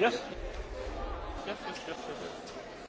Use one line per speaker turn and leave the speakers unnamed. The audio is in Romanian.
Yes. Yes, yes, yes,